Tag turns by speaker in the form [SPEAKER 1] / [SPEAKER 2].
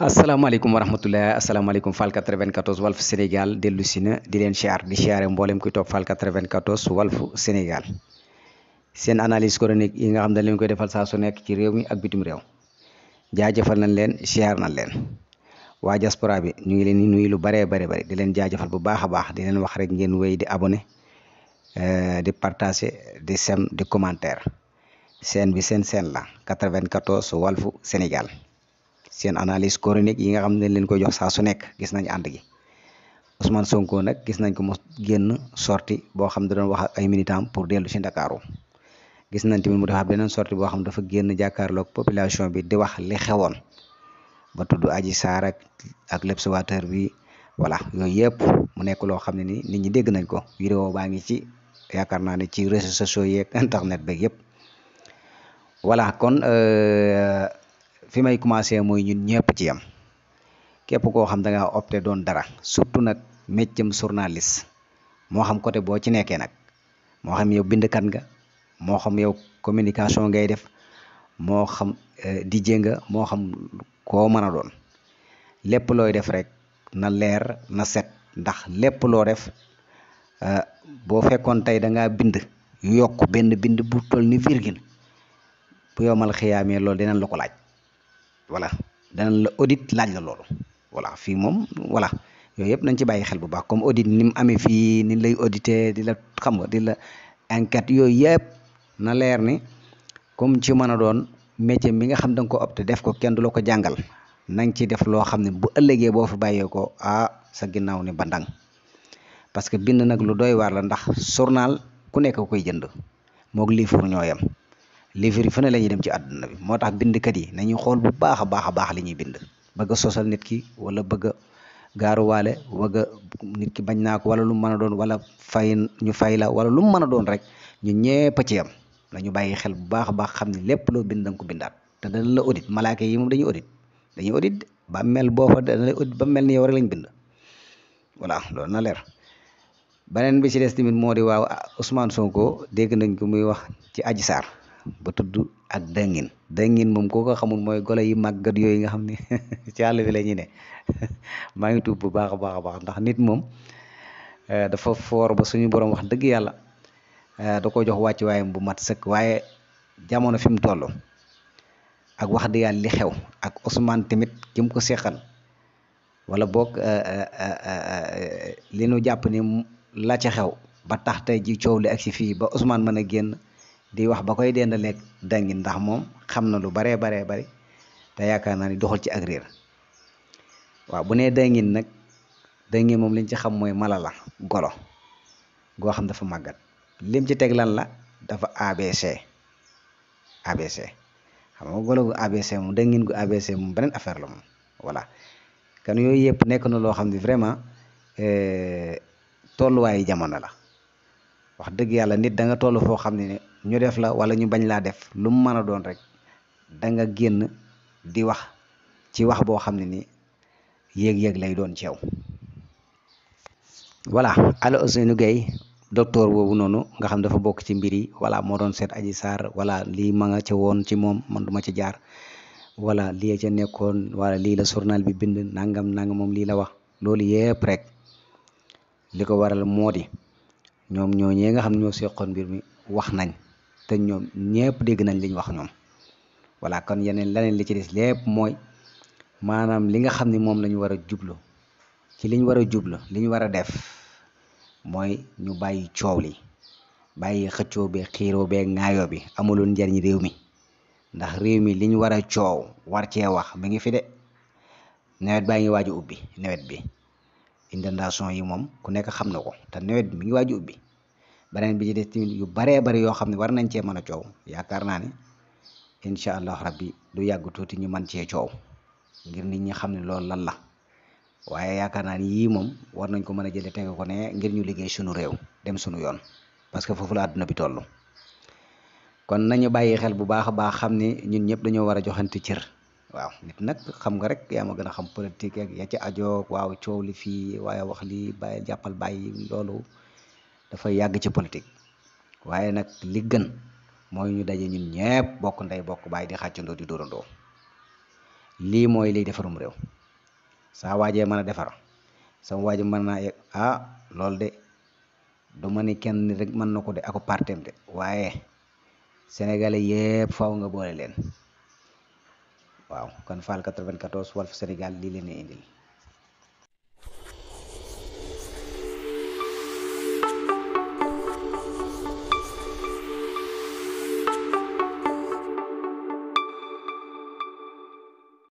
[SPEAKER 1] asalaamaaleykum wa rahmatulah asalaamaaleykum Fall 94 Walf Sénégal dellu si na di leen siyaar di siyaare mboolem kuy topp Fall 94 Walf Sénégal seen analyse chronique yi nga xam ne leen koy defal saa su nekk ci réew mi ak bitim réew jaajëfal nañ leen siyaar nañ leen waa diaspora bi ñu ngi leen di nuyu lu baree bare bare di leen jaajëfal bu baax a baax di leen wax rek ngeen wéy di abonné euh, di partager di sem di commentaire seen bi seen seen la 94 Walf Sénégal. seen analyse chronique yi nga xam ne leen koy jox saa su nekk gis nañ ànd gi Ousmane Sonko nag gis nañ ko mu génn sorti boo xam da doon wax ak ay militants pour dellu si Ndakaaru gis nañ tamit mu defaat beneen sorti boo xam dafa génn jàkkaarloog population bi di wax li xewoon ba tudd aji Sarr ak ak l'observateur bi voilà yooyu yëpp mu nekk loo xam ne ni nit ñi dégg nañ ko vidéo baa ngi ci yaakaar naa ne ci réseaux sociaux yeeg internet beeg yëpp voilà euh, fi may commencé mooy ñun ñëpp ci yam képp koo xam da ngaa opté doon dara surtout nag méccam journaliste moo xam côté boo ci nekkee nag moo xam yow bindkat nga moo xam yow communication ngay def moo xam eh, di nga moo xam koo mën a doon lépp looy def rek na leer na set ndax lépp loo def eh, boo fekkoon tey da ngaa bind yokk benn bind bu toll ni virgule bu yomal xiyaamee loolu dinañ la ko laaj voilà dana la audit laaj la loolu voilà fii moom voilà yooyu yëpp nañ ci bàyyi xel bu baax comme audit ni mu amee fii ni lay audité di la xam nga di la enquête yooyu yëpp na leer ni comme ci mën a doon métier mi nga xam da ko opté def ko kenn du la ko jàngal nañ ci def loo xam ne bu ëllëgee boo fi bàyyee ko ah sa ginnaaw ni bandang parce que bind nag lu doy waar la ndax journal ku nekk koy jënd moog livre ñoo yem livre yi fu ne la ñuy dem ci àdduna bi moo tax bindkat yi nañuy xool bu baax baax a baax li ñuy bind bëgg a sosal nit ki wala bëgg a gaaruwaale bëgg nit ki bañ naa ko wala lu mu mën a doon wala fay ñu fay la wala lu mu mën a doon rek ñu ñëpp a ci yam nañu bàyyi xel bu baax a baax xam ne lépp loo bind ko bindaat te dana la audit malaaka yi moom dañuy audit dañuy audit ba mel boo fa dana la audit ba mel ni yow rek lañ bind voilà loolu na leer beneen bi ci des tamit moo di waaw Ousmane Sonko dégg nañ ko muy wax ci Adji Sarr ba tudd ak dëngin dëngin moom koo ko xamul mooy golo yi màggat yooyu nga xam ne ci àll bi la ñu ne maa ngi tuub bu baax a baax a baax ndax nit moom eh, dafa foor ba suñu borom wax dëgg yàlla eh, da ko jox wàcc waayam bu mat sëkk waaye jamono fi mu toll ak wax dëgg yàlla li xew ak Ousmane tamit ki ko seqal wala boog eh, li nu jàpp ni la ca xew ba tax tey ji coow li ak si fii ba Ousmane mën a génn di wax ba koy dendaleeg dangi ndax moom xam na lu baree baree bari te yaakaar naa ni doxul ci ak réer waaw bu nee dangin nag dangin moom liñ ci xam mooy mala la golo goo xam dafa màggat lim ci teg lan la dafa ABC ABC xam nga golo gu ABC moom dangin gu ABC moom beneen affaire la moom voilà kenn yooyu yëpp nekk na loo xam ne vraiment euh, tolluwaayu jamono la wax dëgg yàlla nit da nga foo xam ne ñu def la wala ñu bañ laa def lu mu mën a doon rek danga génn di wax ci wax boo xam ne ni yéeg-yéeg lay doon ci yow voilà Alla Ousseynou Gueye boobu noonu nga xam dafa bokk ci mbir yi voilà moo doon seet Adji Sarr voilà lii ma nga ca woon ci moom man duma ci jaar voilà lii ca nekkoon wala lii la journal bi bind nangam nangam moom lii la wax loolu yépp rek li ko waral moo di ñoom ñooñee nga xam ñoo seqoon mbir mi wax nañ te ñoom ñëpp dégg nañ liñ wax ñoom voilà kon yeneen leneen li ci des lépp mooy maanaam li nga xam ni moom lañu ñu war a jublu ci liñ war a jublu li ñu war a def mooy ñu bàyyi coow li bàyyi xëccoo bi xiiroo bee ŋaayoo bi amuloon njariñ réew mi ndax réew mi li ñu war a coow war cee wax mi ngi fi de nawet baa ngi waaj ubbi nawet bi inondation yi moom ku nekk xam na ko te nawet bi mi ngi waaj ubbi. beneen bi ci des yu baree bari yoo xam ne war nañ cee mën a coow yaakaar naa ne incha allah rabbi du yàgg tuuti ñu man cee coow ngir nit ñi xam ne loolu lan la waaye yaakaar naa ni yii moom war nañ ko mën a jëlee tege ko ngir ñu liggéey sunu réew dem sunu yoon parce que foofu la àdduna bi toll. kon nañu bàyyi xel bu baax a baax xam ne ñun ñëpp dañoo war a joxanti cër waaw nit nag xam nga rek yaa ma gën a xam politique ak ya ci ajoog waaw coow li fii waaye wax li bàyyi jàppal bàyyi loolu. dafa yàgg ci politique waaye nag li mooy ñu daje ñun ñëpp bokk ndey bokk baay di xàccandoo di dóorandoo lii mooy liy defarum réew saa waajee mën a defar sama waaju mën naa yegg ah loolu de du ma ni kenn rek mën na ko de ako partem de waaye sénégalais yëpp faw nga boole leen waaw kon Fall 94 Walf Sénégal lii leen indil